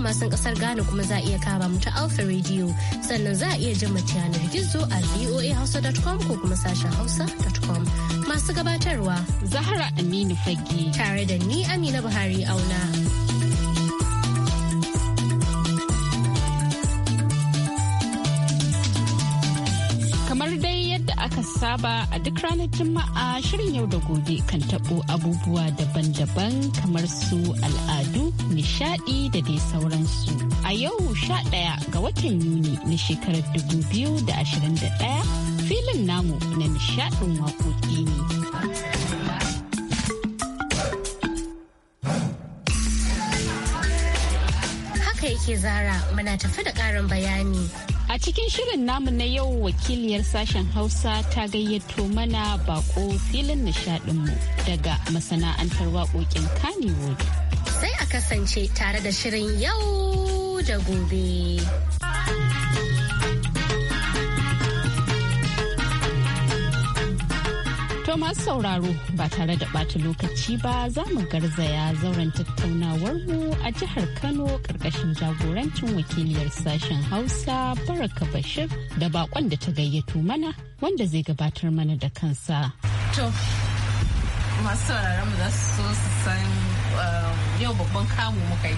kuma masan kasar Ghana kuma za a iya kama mu ta Alpha Radio sannan za a iya jin mu yanar gizo a voahausa.com ko kuma sashen hausa.com. Masu gabatarwa Zahra Aminu Fagge tare da ni Amina Buhari Auna. saba a duk ranar Juma'a shirin yau da gobe kan tabo abubuwa daban-daban kamar su al'adu, nishadi da dai sauransu. A yau sha ɗaya ga watan Yuni na shekarar dubu biyu da ashirin da ɗaya filin namu na nishadin waƙoƙi ne. haka yake zara muna tafi da ƙarin bayani. A cikin shirin namu na yau wakiliyar sashen Hausa ta gayyato mana bako filin nishadinmu daga masana'antar waƙoƙin Kannywood. Sai a kasance tare da shirin yau da gobe. To masu sauraro ba tare da bata lokaci ba za mu garzaya zauren tattaunawarmu a jihar Kano ƙarƙashin jagorancin wakiliyar sashen Hausa Baraka Bashir da bakon da ta gayyato mana wanda zai gabatar mana da kansa. To, masu sauraron mu za su so su san um, yau babban kamu muka yi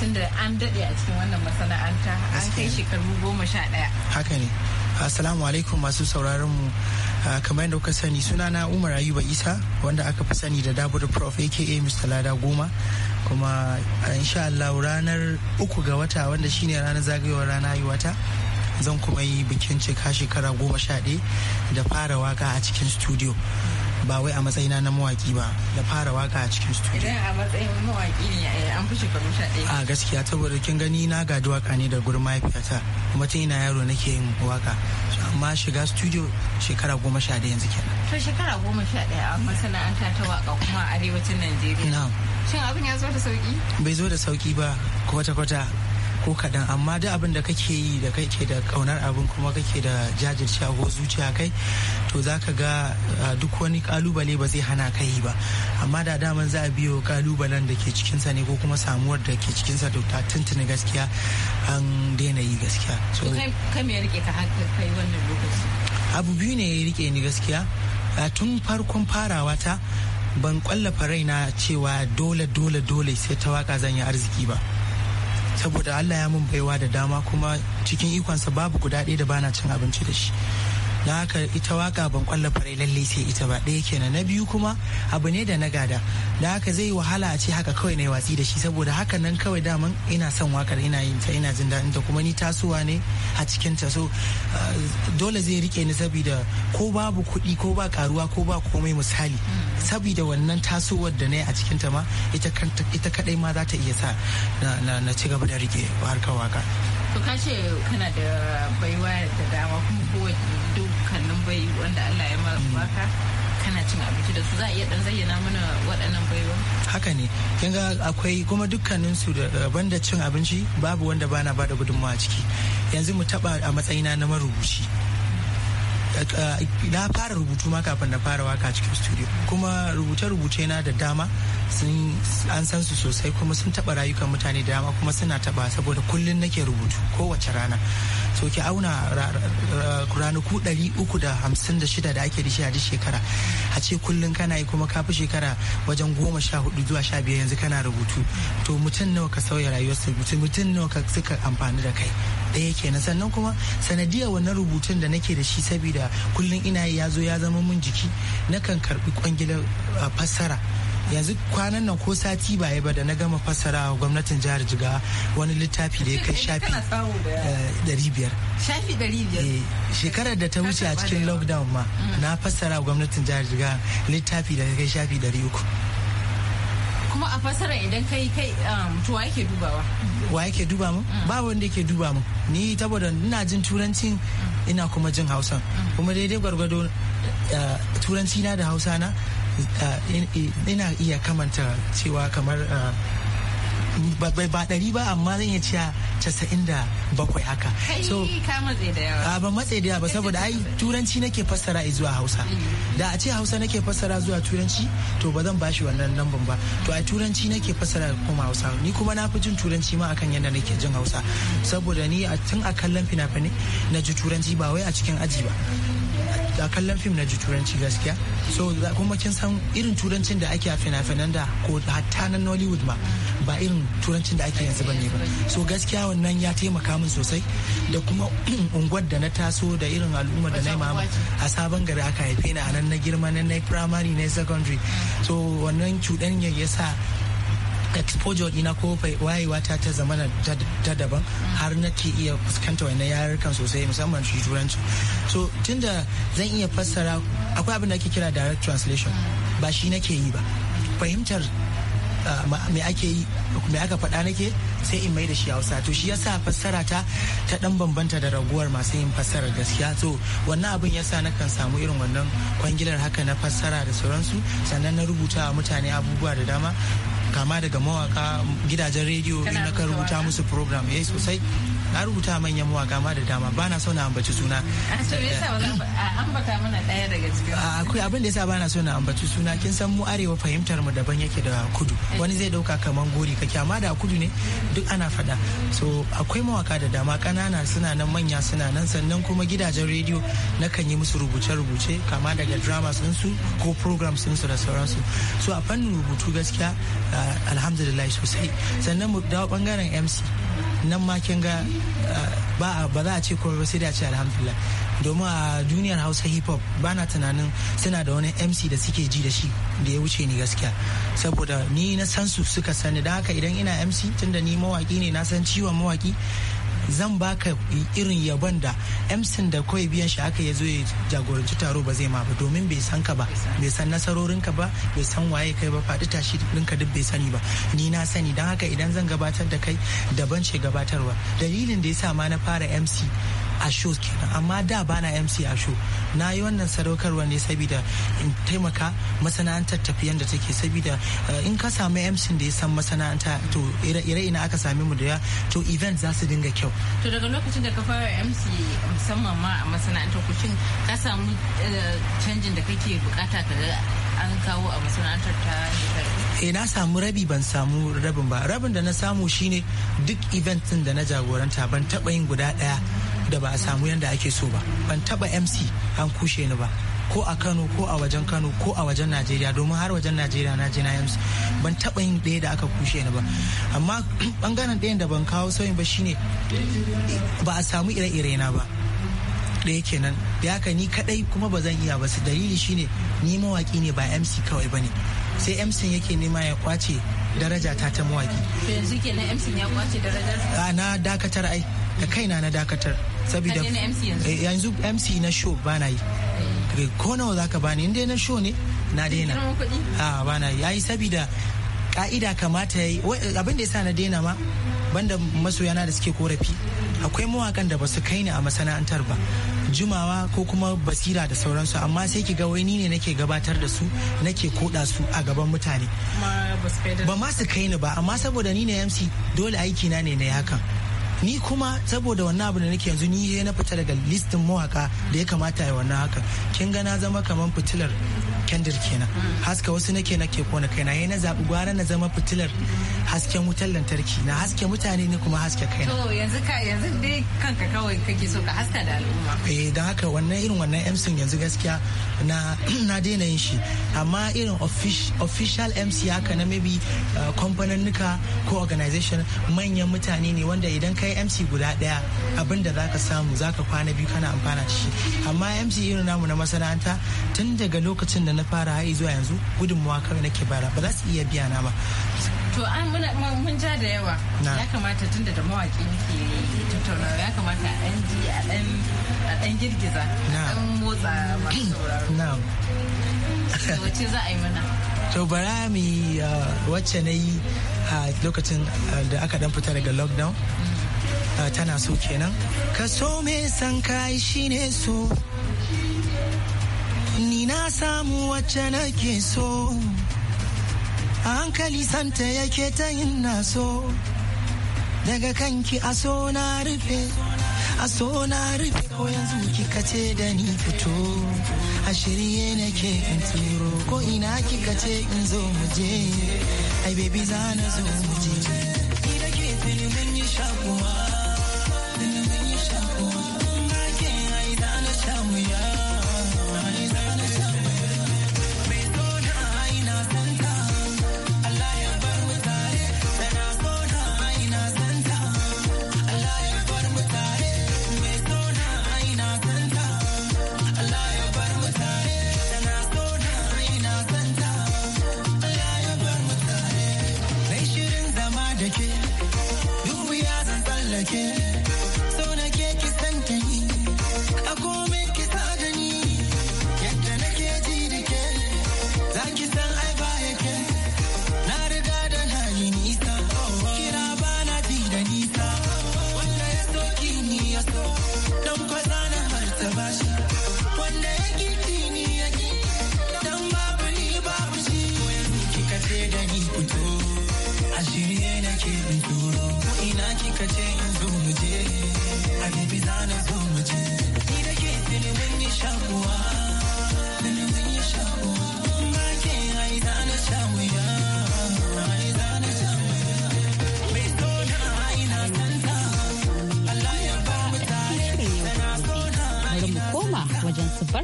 tunda an daɗe a cikin wannan masana'anta an kai shekaru goma sha ɗaya. Haka ne. Assalamu alaikum masu sauraron mu ah, kamar yadda kuka sani suna na Umar Ayuba Isa wanda aka fi sani da Dabudu Prof aka Mr. Lada Goma kuma ah, insha Allah ranar uku ga wata wanda shine ranar zagayowar rana wata zan kuma yi bikin cika shekara goma sha da fara waka a cikin studio. ba wai a matsayina na mawaki ba da fara waka a cikin studio idan a matsayin mawaki ne eh, an fi shekaru ɗaya. a gaskiya saboda kin gani na gaji waka ne da gurin mahaifiyata kuma tun ina yaro nake yin waka amma shiga studio shekara goma sha ɗaya yanzu kenan to shekara goma sha ɗaya a masana'anta ta waka kuma a arewacin najeriya shin abin ya zo da sauki bai zo da sauki ba kwata-kwata ko kaɗan amma duk abin da kake yi da kake da ƙaunar abin kuma kake da jajircewa ko zuciya kai to za ka ga duk wani kalubale ba zai hana ka yi ba amma da daman za a biyo kalubalen da ke cikinsa ne ko kuma samuwar da ke cikinsa to ta tuntuni gaskiya an daina yi gaskiya. to kai me rike ka kai wannan lokaci? abu biyu ne ya rike ni gaskiya tun farkon farawa ta ban kwallafa raina cewa dole dole dole sai ta waka zan yi arziki ba. saboda Allah ya mun baiwa da dama kuma cikin ikonsa babu guda ɗaya da bana cin abinci da shi na haka ita waka ban kwalla fare lalle sai ita ba ɗaya kenan na biyu kuma abu ne da na gada da haka zai yi wahala a ce haka kawai na yi watsi da shi saboda haka nan kawai dama ina son wakar ina yin ta ina jin daɗin ta kuma ni tasowa ne a cikin ta so eh, dole zai rike ni saboda ko babu kuɗi ko ba karuwa ko ba komai misali saboda wannan tasowar da na yi a cikin ta ma ita kadai ma za ta iya sa na ci gaba da rike harkar waka so ka ce kana da baiwa da dama kuma kowace dukkanin bai wanda Allah ya maka kana cin abinci da su za a iya dan zayyana mana waɗannan baiwa haka ne kin akwai kuma dukkanin su da da cin abinci babu wanda bana bada gudunmawa ciki yanzu mu taba a matsayina na marubuci na fara rubutu ma kafin na fara waka cikin studio kuma rubuce-rubuce na da dama sun an san su sosai kuma sun taba rayukan mutane da dama kuma suna taba saboda kullun nake rubutu kowace rana so ki auna ranaku 356 da ake da shi a shekara a ce kullun kana yi kuma kafi shekara wajen goma sha hudu zuwa sha biyar yanzu kana rubutu to mutum nawa ka sauya rayuwarsa mutum nawa ka suka amfani da kai ɗaya kenan sannan kuma sanadiyar wannan rubutun da nake da shi saboda kullum ina ya zo ya zama mun jiki nakan karbi kwangilar fassara yanzu kwanan nan ko sati baya ba da na gama fassara gwamnatin jihar jiga wani littafi da ya kai shafi 500 eh, eh, shekarar da ta wuce a cikin lockdown ma mm. na fassara gwamnatin jihar jiga littafi da ya kai shafi 300 kuma a fasara idan kai kai um, to wa yake dubawa wa yake duba mu mm. ba wanda yake duba mu ni saboda ina jin turanci ina kuma jin hausa mm. kuma daidai gwargwado uh, turanci na da hausa na uh, ina iya kamanta cewa kamar uh, ba ɗari ba amma zan iya cewa casa'in da bakwai haka. So, a ba matse da yawa saboda ai turanci nake fassara zuwa hausa. Mm. Da a ce hausa nake fassara zuwa turanci to ba zan bashi wannan lambar ba. To a turanci nake fassara kuma hausa. Ni kuma na fi jin turanci ma akan yadda nake jin hausa. Saboda ni tun a kallon fina-finai na ji turanci ba wai a cikin aji ba. A kallon fim na ji turanci gaskiya so kuma kin san irin turancin da ake a fina-finan da ko hatta na nollywood ma ba irin turancin da ake yanzu bane ba so gaskiya wannan ya taimaka min sosai da kuma unguwar da na taso da irin al'ummar da na mama a sabon gari aka haife ni a nan na girma nan na primary na secondary so wannan cuɗan ya sa exposure dina ko wayewa ta ta zama ta daban har nake iya fuskanta wannan yarukan sosai musamman shi turanci so tunda zan iya fassara akwai abin da ake kira direct translation ba shi nake yi ba fahimtar me ake yi me aka faɗa nake sai in mai da shi hausa to shi yasa fassara ta ta dan bambanta da raguwar masu yin fassara gaskiya to wannan abin yasa na kan samu irin wannan kwangilar haka na fassara da sauransu sannan na rubuta wa mutane abubuwa da dama kama daga mawaka gidajen rediyo na kan rubuta musu program eh sosai na rubuta manyan mawaka ma da dama bana so na ambaci suna ah, ah, ah, akwai abin da yasa bana so na ambaci suna kin san mu arewa fahimtar mu daban yake da kudu eh. wani zai dauka kaman gori kake amma da kudu ne duk ana fada so akwai mawaka da dama kanana suna nan manya suna nan sannan kuma gidajen rediyo na kan yi musu rubuce-rubuce kama daga dramas su ko programs su da sauransu so a fannin rubutu gaskiya alhamdulillah sosai sannan mu dawo bangaren mc nan ma kin ga eh, ba za a ce ko ba sai da ce alhamdulillah domin a duniyar hausa hip hop ba na tunanin suna da wani mc da suke ji da shi da ya wuce ni gaskiya saboda ni na san su suka sani don haka idan ina mc tunda ni mawaki ne na san ciwon mawaki zan baka irin yabon da emsin da kawai biyan shi aka ya zo ya jagoranci taro ba zai ma ba domin bai san ka ba bai san nasarorinka ba bai san waye kai ba faɗi tashi ɗinka duk bai sani ba ni na sani don haka idan zan gabatar da kai daban ce gabatarwa dalilin da ya sa ma na fara mc a kenan amma da bana mc a show na yi wannan sadaukarwa ne saboda in taimaka masana'antar tafiyan da take saboda eh, in ka samu mc da ya san masana'anta to ire ina aka same mu da ya to event za su dinga kyau to daga lokacin da ka fara mc musamman ma a masana'anta ku shin ka samu eh, canjin da kake bukata ka an kawo a masana'antar ta e na samu rabi ban samu rabin ba rabin da na samu shine duk event din da na jagoranta ban taba yin guda daya da ba a samu yadda ake so ba ban taba mc an kushe ni ba ko a kano ko a wajen kano ko a wajen najeriya domin har wajen najeriya na je na mc ban taba yin ɗaya da aka kushe ni ba amma bangaren ɗayan da ban kawo sauyin ba shine ba a samu ire-ire na ba yake nan da haka ni kadai kuma ba zan iya ba su dalili shine ni mawaki ne ba mc kawai ba ne sai mc yake nema ya kwace daraja ta ta mawaki yanzu na mc ya kwace darajar na dakatar ai da kaina na dakatar saboda yanzu eh, mc na show bana yi ko nawa zaka bani inda na show ne na daina a bana yi ai saboda ka'ida kamata yayi abin da sa na daina ma banda masoyana da suke korafi akwai mawakan da ba su kai ni a masana'antar ba jumawa ko kuma basira da sauransu amma sai ki ga wai ni ne nake gabatar da su nake koda su a gaban mutane ba ma su kai ni ba amma saboda ni ne MC dole aiki na ne na yakan. ni kuma saboda wannan abu da nake yanzu ni na fita daga listin mawaka da ya kamata ya wannan haka kin ga na zama kaman fitilar kendir kenan haska wasu nake nake kona kaina yayi na zabi gwara na zama fitilar hasken wutar lantarki na haske mutane ne kuma haske kaina to yanzu ka yanzu dai kanka kawai kake so ka haska da al'umma eh dan haka wannan irin wannan MC yanzu gaskiya na na daina yin shi amma irin official MC haka na maybe eh, kamfanin ko organization manyan mutane ne wanda idan kai kai mc guda daya abinda za ka samu za ka kwana biyu kana amfana da shi amma mc irin namu na masana'anta tun daga lokacin da na fara har zuwa yanzu gudunmawa kawai nake bara ba za su iya biya na ba to an mun ja da yawa ya kamata tun da mawaki muke tattauna ya kamata a ɗan ji a ɗan girgiza a ɗan motsa masu sauraro wacce za a yi mana to bara mu yi ah, wacce na yi a ah, lokacin ah, da aka dan fita daga lockdown mm. Eh, tana so kenan ka so me san kai shine so ni na samu wacce nake so hankali santa yake ta yin na so daga kanki a so na rufe a so na rufe ko yanzu kika ce da ni fito a shirye nake in turo ko ina kika ce in zo muje ai baby za na zo muje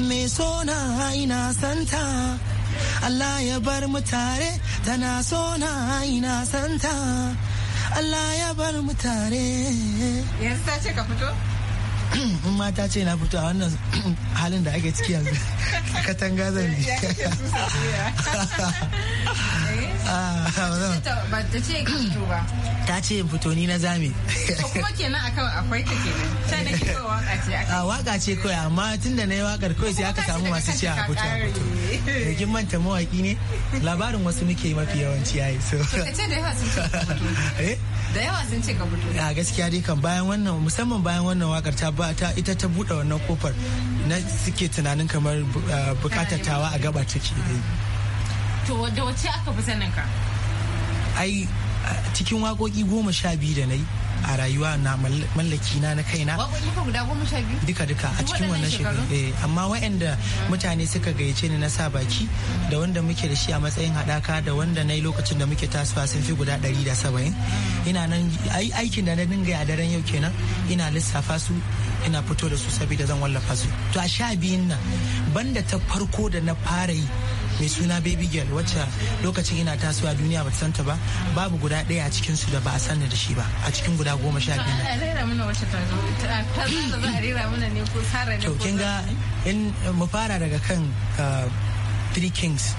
me sona ina santa Allah ya bar mu tare tana sona ina santa Allah ya bar mu tare yanzu ce ka fito mata ce na fito a wannan halin da ake ciki yanzu katanga zan ba ta ce fito ba ta ce fito ni na zame kuma kenan akan akwai ta kenan ta na ki waka ce a waka ce kawai amma tun da na yi wakar kawai sai aka samu masu ci a fito a fito da manta mawaki ne labarin wasu muke mafi yawanci yayi so ce da yawa sun ce eh da yawa sun ce ka fito a gaskiya dai kan bayan wannan musamman bayan wannan wakar ta ba ta ita ta bude wannan kofar na suke tunanin kamar bukatar tawa a gaba take To da wace aka fi sanin ka? Ai cikin wakoki goma sha biyu da na yi a rayuwa na mallaki na na kaina. Waƙoƙi ka guda goma sha biyu? Duka duka a cikin wannan shekaru. Eh amma waɗanda mutane suka gayyace ni na sa baki da wanda muke da shi a matsayin haɗaka da wanda na yi lokacin da muke tasowa sun fi guda ɗari da saba'in. Ina nan aikin da na dinga a daren yau kenan ina lissafa su ina fito da su saboda zan wallafa su. To a sha biyun nan banda ta farko da na fara yi mai suna baby girl wacce lokacin ina tasowa duniya bata san ta ba babu guda daya a cikin su da ba a sanar da shi ba a cikin guda goma sha biyu ne To kin ga in mu fara daga kan uh, Three Kings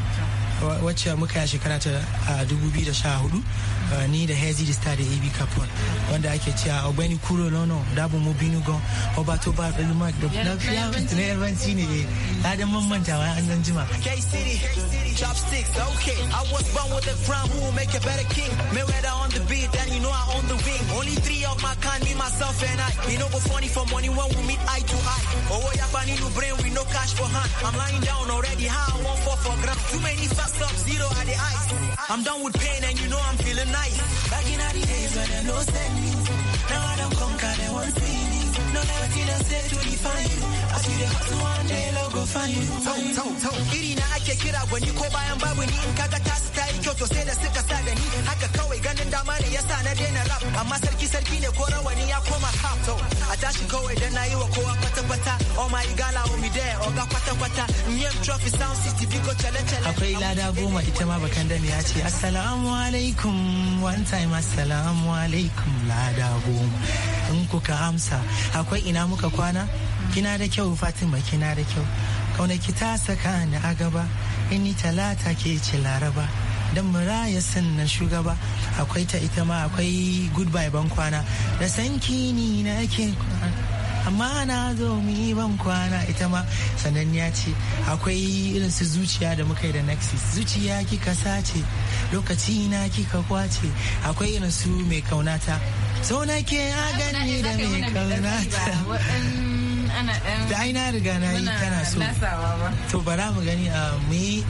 wacce muka yi a shekara ta 2014 uh, ni da hezi star da ab capon wanda ake cewa ọgbẹni kuro lọnà dabo mo binu gan ọba tó bá pẹlú mark da na fiya fitina yarbanci ne ne na da mamanta wa an jima k-city chopsticks okay i was born with a crown who will make a better king mayweather on the beat then you know i own the ring only three of my kind me myself and i you know we funny for money when we meet eye to eye owó yapa no brain we no cash for hand i'm lying down already how i want for for ground too many fast up zero at the eyes i'm done with pain and you know i'm feeling nice nice. Back in the days when them no send me. Now I don't conquer, they won't me. No, never till I say to iri na ake kira gwani ko bayan babu ni in kaga tasu ta yi kyau sosai da suka sa da ni haka kawai ganin dama ne yasa na daina rap amma sarki sarki ne ko rawani ya koma hap a tashi kawai dan nayi wa kowa kwata kwata o oh ma igala o oh mi o oh oga kwata kwata nyem trophy sound city biko chale chale akwai lada goma ita ma bakan ya ce assalamu alaikum one time assalamu alaikum lada goma in kuka amsa akwai ina muka kwana kina da kyau fatima kina da kyau kaunaki ta saka ni a gaba ni talata ke ce laraba don muraya sannan shugaba akwai ta ita ma akwai goodbye ban kwana da sanki ni na ke amma na zo mi ban kwana ita ma sannan ya ce akwai irin su zuciya da muka yi da nexus zuciya kika sace lokaci na kika kwace akwai irin su mai kaunata sau na ke a gani da mai kaunata mana ɗan da aina riga na yi kana so to bara mu gani a ah, mu yi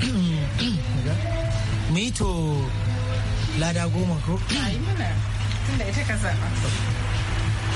mu yi to lada goma ko tunda ita ka zaɓa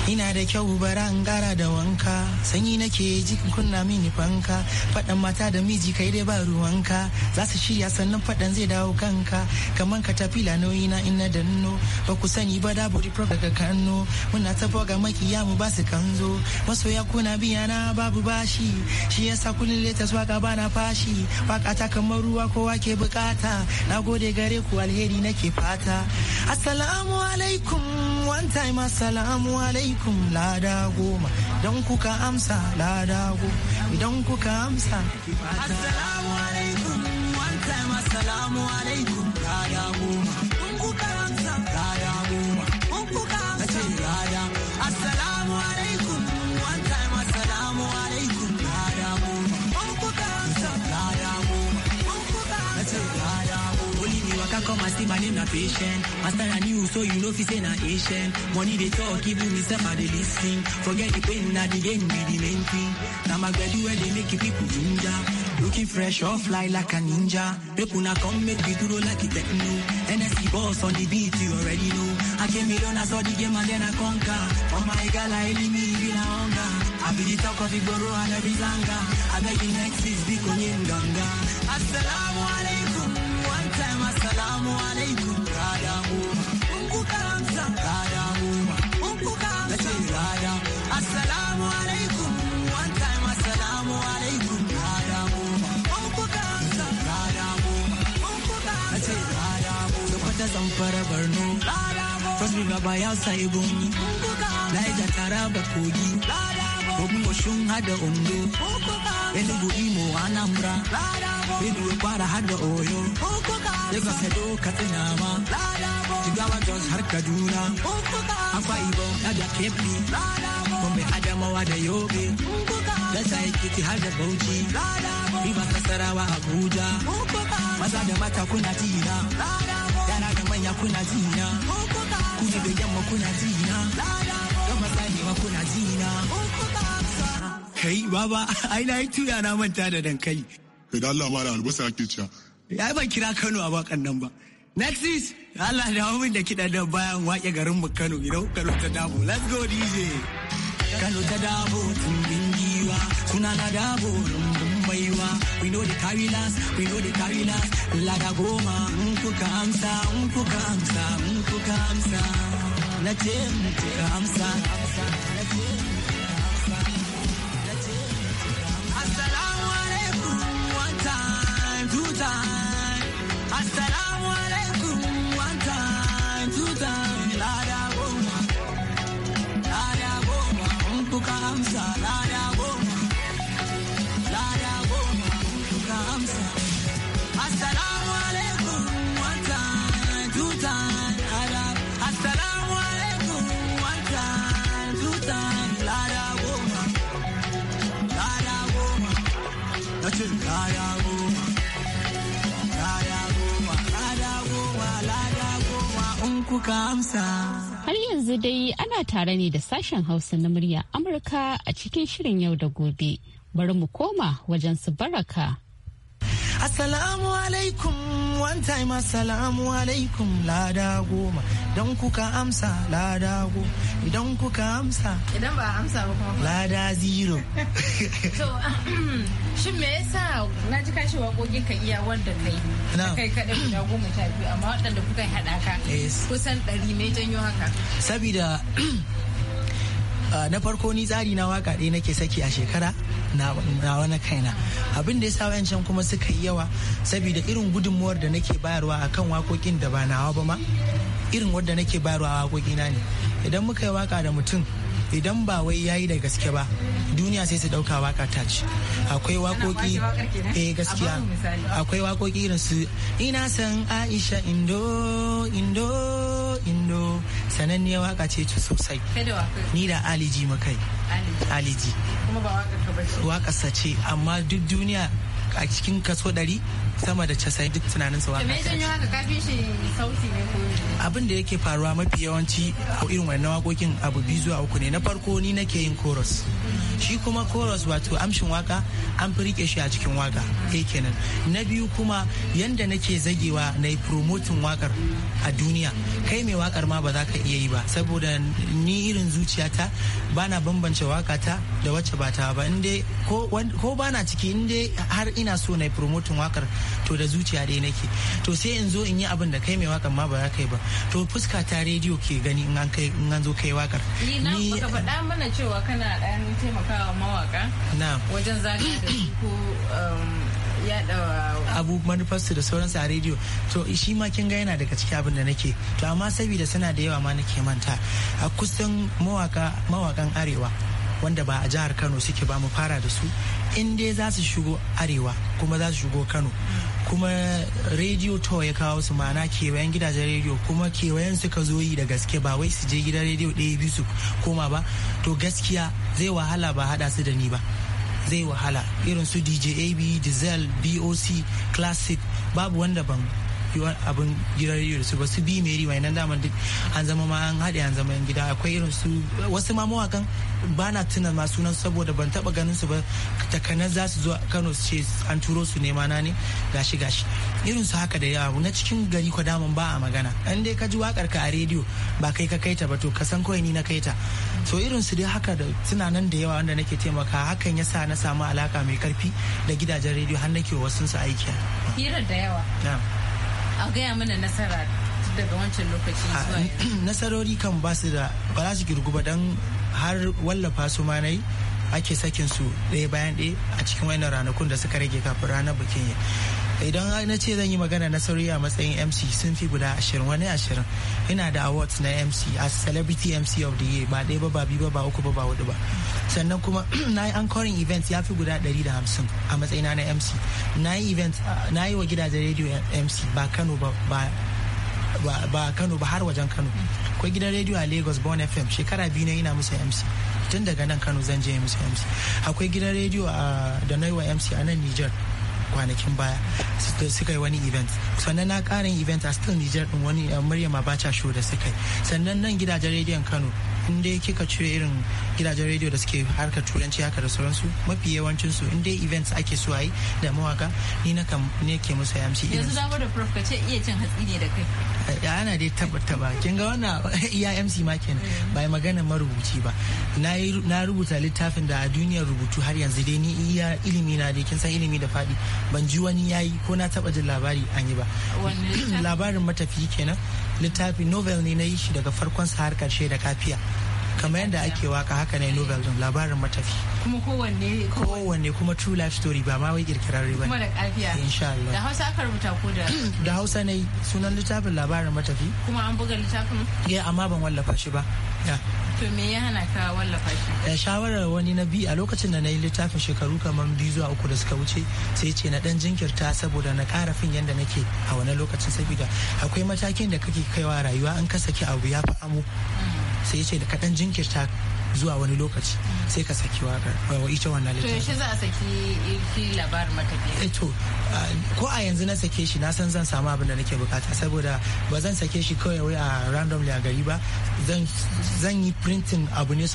ina da kyau bara an gara da wanka sanyi nake jikin kunna mini fanka faɗan mata da miji kai dai ba ruwanka za su shirya sannan faɗan zai dawo kanka kaman ka tafi lanoyi na ina da nno ba ku sani ba da buri daga kanno muna ta boga makiya mu ba su kanzo masoya kuna biya na babu bashi shi yasa kullun su waka ba na fashi waka ta kamar ruwa kowa ke bukata na gode gare ku alheri nake fata assalamu alaikum one time assalamu alaikum lada goma don kuka amsa lada goma idan kuka amsa assalamu alaikum one time assalamu alaikum lada goma Doctor come and see my name na patient. Master na new, so you know if you say na Asian. Money they talk, even myself I dey listen. Forget the pain, na the game be the main thing. Now my graduate they make you people ginger. Looking fresh off fly like a ninja. People na come make me do like a techno. NSC boss on the beat, you already know. I came here on, I saw the game and then I conquer. Oh my God, I leave me even a hunger. I be the talk of the borough and every zanga. I beg the next is the Konyenganga. Assalamu alaikum. salamu alaikum ka damu kun kuka amsa ka damu kun kuka amsa ka damu assalamu alaikum one time assalamu alaikum ka damu kun kuka amsa ka damu kun kuka amsa ka damu tabbata zamfara barno Cross sai by outside Ibom tara Taraba Kogi Ogun Osun Hada Ondo Enugu Imo Anambra Benue, Kwara har da Oyo. Lagos, Edo, Katsina ma. Jigawa, Jos har Kaduna. Akwa Ibom, Abia, Kebbi. Gombe, Adamawa da Yobe. Delta, Ekiti har da Bauchi. Rivers, Nasarawa, Abuja. Maza da mata kuna jina. Yara da manya kuna jina. Kudu da yamma kuna jina. Gama tsanewa kuna jina. Kai baba, ai na yi tuya na manta da dankali. kai da Allah mara albasa ake ciya ya ban kira Kano a bakan nan ba next is Allah da hawo da kiɗa da bayan waƙe garin mu Kano idan Kano ta dabo let's go DJ Kano ta dabo tumbin giwa kuna na dabo rumbun baiwa we know the carilas, we know the carilas. last lada goma in kuka amsa in kuka amsa in kuka amsa na ce in kuka amsa na ce kuka amsa. Har yanzu dai ana tare ne da sashen Hausa na murya Amurka a cikin shirin yau da gobe. Bari mu koma wajen su baraka. Assalamu alaikum one time assalamu alaikum lada goma don kuka amsa lada go idan kuka amsa idan ba amsa ba kuma lada zero to shin me yasa na ji kashi waƙoƙi ka iya wanda kai kai kaɗai guda goma ta biyu amma waɗanda kuka haɗa ka kusan ɗari me janyo haka sabida Ah, na farko ni tsari na waka ɗaya nake saki a shekara na wani kaina abin da ya sa wancan kuma suka yi yawa saboda irin gudunmuwar da nake bayarwa a kan wakokin da ba nawa ba ma irin wadda nake bayarwa a wakokina ne idan muka yi waka da mutum idan ba wai yayi da gaske ba duniya sai su dauka waka ta ce akwai wakoki eh gaskiya akwai wakoki irin su ina san Aisha Indo Indo Indo sananniyar waka ce sosai ni da aliji makai aliji kuma ba waka ce amma duk duniya a cikin kaso ɗari sama da casa'in duk tunanin sa wani ce. Abin da yake faruwa mafi yawanci a irin wannan waƙoƙin abu biyu zuwa uku ne na farko ni nake yin chorus. Shi kuma chorus wato amshin waka an fi rike shi a cikin waka E eh kenan. Na biyu kuma yanda nake zagewa na yi promoting wakar a duniya kai mai wakar ma ba za ka iya yi ba saboda ni irin zuciyata bana bambance wakata da wacce ba ta ba ko bana ciki inda har ina so na promotin wakar to da zuciya dai nake to sai in zo in yi abin da kai mai wakar ma ba za ka yi ba to fuska ta rediyo ke gani in an kai in an zo kai wakar ni na faɗa mana cewa kana ɗan taimakawa mawaka na wajen zaka da ko um, abu manufarsu da sauransu a rediyo to shi ma kin ga yana daga ciki abin da nake to amma saboda suna da yawa ma nake manta a kusan mawaka mawakan arewa wanda ba a jihar kano suke ba mu fara da su in dai za su shigo arewa kuma za su shigo kano kuma rediyo to ya kawo su ma'ana kewayen gidajen rediyo kuma kewayen suka zo yi da gaske ba wai su je gidan rediyo ɗaya biyu su koma ba to gaskiya zai wahala ba haɗa su da ni ba zai wahala irin su dj ab diesel boc classic babu wanda ban yiwuwar abin gidan radiyo su ba su bi meri yanan daman duk an zama ma an haɗe an zama yan gida akwai irin su wasu ma mawakan ba na tuna ma sunan saboda ban taɓa ganin su ba takanar za su zo Kano su ce an turo su nema na ne gashi gashi irin su haka da yawa na cikin gari ko daman ba a magana an dai ka ji wakar ka a rediyo ba kai ka kaita ba to ka san kawai ni na ta to irin su dai haka da tunanan da yawa wanda nake taimaka hakan ya sa na samu alaka mai karfi da gidajen rediyo har nake wasu su aiki hirar da yawa a gaya mana nasara daga wancan lokacin ah, zuwa nasarori kan ba su da ba za su girgu ba dan har wallafa su ma nayi ake sakin su ɗaya bayan ɗaya a cikin wayannan ranakun da suka rage kafin ranar bikin idan na ce zan yi magana na sauri a matsayin mc sun fi guda ashirin wani ashirin ina da awards na mc as celebrity mc of the year ba ɗaya ba ba biyu ba ba uku ba ba hudu ba sannan kuma na yi anchoring events ya fi guda ɗari da hamsin a matsayina na mc na yi event na yi wa gidajen radio mc ba kano ba ba kano ba har wajen kano akwai gidan radio a lagos born fm shekara biyu na yana musu mc tun daga nan kano zan je musu mc akwai gidan radio da na yi wa mc a nan niger kwanakin baya suka yi wani event sannan na karin event a still niger din wani eh, maryam abacha show da suka yi sannan nan gidajen rediyon kano in dai kika cire irin gidajen rediyo da suke harkar turanci haka da sauransu mafi yawancin su in dai events ake so ayi da mawaka ni na kan ne ke musu yamci yanzu da prof ka ce iya cin hatsi ne da kai ya eh, ana dai tabbata ba kin ga wannan iya MC ma kenan mm. ba magana marubuci ba na rubuta littafin da a duniyar rubutu har yanzu dai ni iya ilimi na dai kin san ilimi da fadi ban ji wani yayi ko na taba jin labari an yi ba labarin matafi kenan littafi novel ne na yi shi daga farkon sa har karshe da kafiya kamar yadda ake waka haka ne novel din labarin matafi kuma kowanne kowanne kuma true life story ba ma wai kirkirarre ba kuma da kafiya insha Allah da Hausa aka rubuta ko da da Hausa ne sunan littafin labarin matafi kuma an buga littafin eh amma ban wallafa shi ba to me ya hana ka wallafa shi da shawarar wani na bi a lokacin da na yi littafin shekaru kamar biyu zuwa uku da suka wuce sai ce na dan jinkirta saboda na kara fin yadda nake a wani lokacin saboda akwai matakin da kake kaiwa rayuwa an ka saki abu ya fi amu mm. sai ya ce da kaɗan jinkirta zuwa wani lokaci sai ka saki wakar wa ita wannan littafin. To za a saki labarin matafiya. Eh ko a yanzu na sake shi na san zan samu abin da nake bukata saboda ba zan sake shi kawai wai a random a gari ba zan yi printing abu ne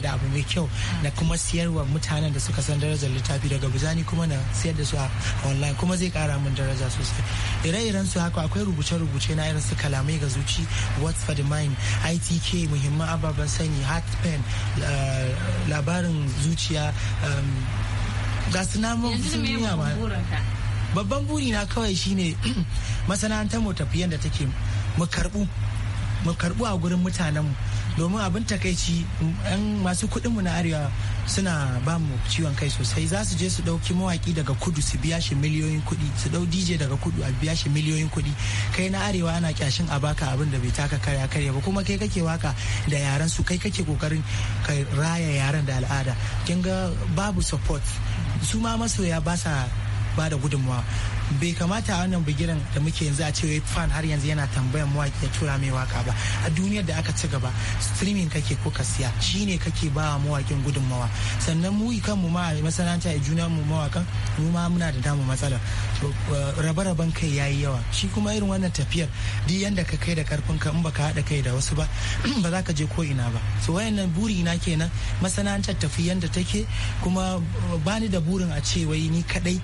da abu mai kyau na kuma siyarwa mutanen da suka san darajar littafi daga bizani kuma na siyar da su a online kuma zai kara min daraja sosai ire-iren su haka akwai rubuce-rubuce na irin su kalamai ga zuci what's for the mind itk muhimman ababen sanyi heart pen labarin zuciya um, ga su namun duniya ma babban burina kawai shine masana'antar mu tafiyan da take mu karbu mu karbu a gurin mutanen mu domin abin takaici yan masu kuɗinmu na arewa suna ba mu ciwon kai sosai za su je su ɗauki mawaki daga kudu su biya shi miliyoyin kuɗi su ɗau dj daga kudu a biya shi miliyoyin kuɗi kai na arewa ana kyashin a baka abin da bai taka karya karya ba kuma kai kake waka da yaran su kai kake kokarin ka raya yaran da al'ada kin babu support su ma masoya ba sa ba da gudunmawa bai kamata a wannan bigiran da muke yanzu a ce fan har yanzu yana tambayan mu ya tura mai waka ba a duniyar da aka ci gaba streaming kake ko ka siya shine kake ba wa mawakin gudunmawa sannan mu mu ma masana'anta a juna mu mawakan mu ma muna da damu matsala eh, rabe-raben kai yayi yawa shi kuma irin wannan tafiyar duk yanda ka kai da karfin ka in baka haɗa kai da wasu ba ba za ka je ko ina ba so wayannan buri na kenan masana'antar tafi yanda take kuma eh, bani da burin a ce wai ni kadai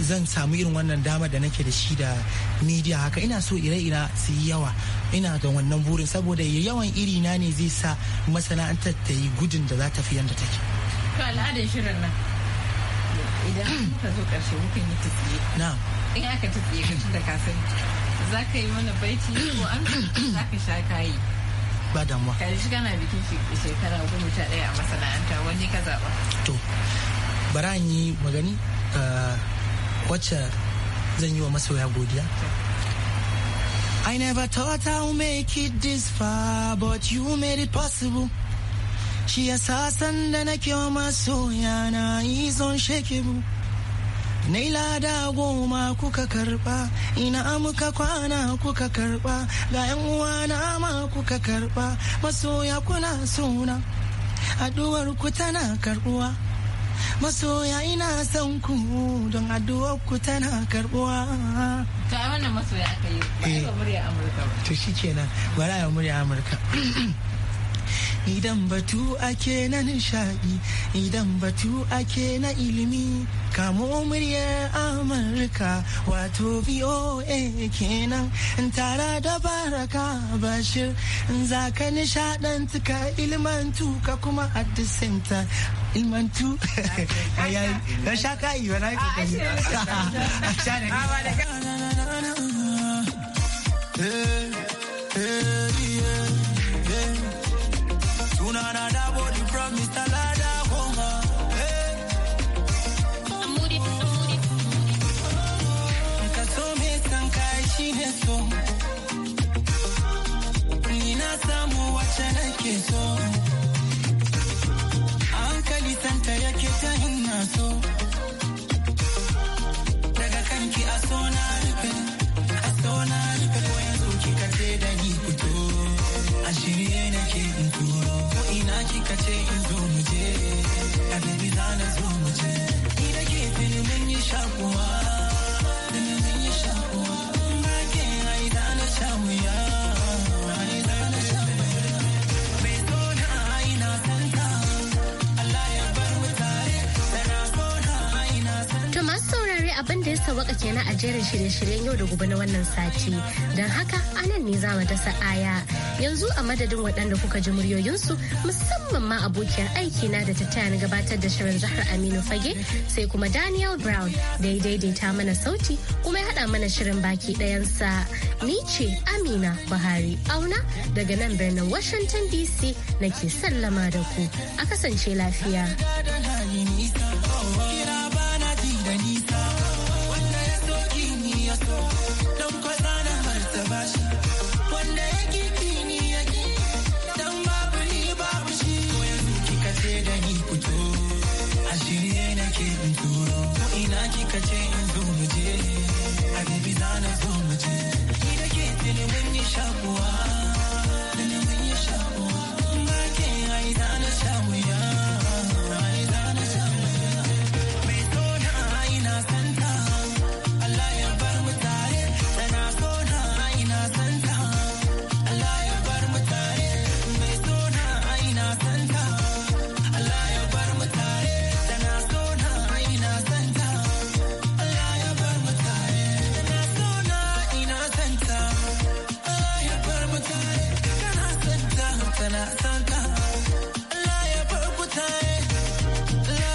zan samu irin wannan dama da nake da shi da media haka ina so ire-ira su yi yawa ina da wannan burin saboda yawan iri na ne zai sa masana'antar ta yi gudun da za ta fi yadda take. To al'adar shirin nan idan muka zo karshe muka yi tafiye. Na. In aka tafiye ka tun da ka san za ka yi mana baiti ko amsa za ka sha kayi. Ba damuwa. Ka shi kana bikin shekara goma sha ɗaya a masana'anta wani ka zaɓa. To bara yi magani eh, wacce zan yi wa masoya godiya I never thought I would make it this far, but you made it possible. Shi yasa san da nake wa masoya na izon shekebu. Naila da goma kuka karba, ina amuka kwana kuka karba, ga yan uwana ma kuka karba, masoya kuna suna, addu'ar ku tana karbuwa. masoya ina son ku don addu'ar ku tana karbuwa ta wannan masoya aka yi ba eh. murya amurka ba to shikenan bara ya murya amurka idan batu ake na nishadi idan batu ake na ilimi kamo muryar amurka wato voa kenan tara da baraka bashir za ka nishadantuka ka ilmantu ka kuma at the ilmantu na sha kayi ba na yi kokari na so da yake ta ina so sauka kenan a jerin shirye-shiryen yau da gobe na wannan sati. Don haka anan ne za mu dasa aya. Yanzu a madadin waɗanda kuka ji muryoyinsu musamman ma abokiyar aiki na da ta taya ni gabatar da shirin zahar Aminu Fage sai kuma Daniel Brown da ya daidaita mana sauti kuma ya haɗa mana shirin baki ɗayansa. Ni ce Amina Buhari Auna daga nan birnin Washington DC nake sallama da ku. A kasance lafiya. na zo mu je. Ni da ke tuni mun yi shakuwa.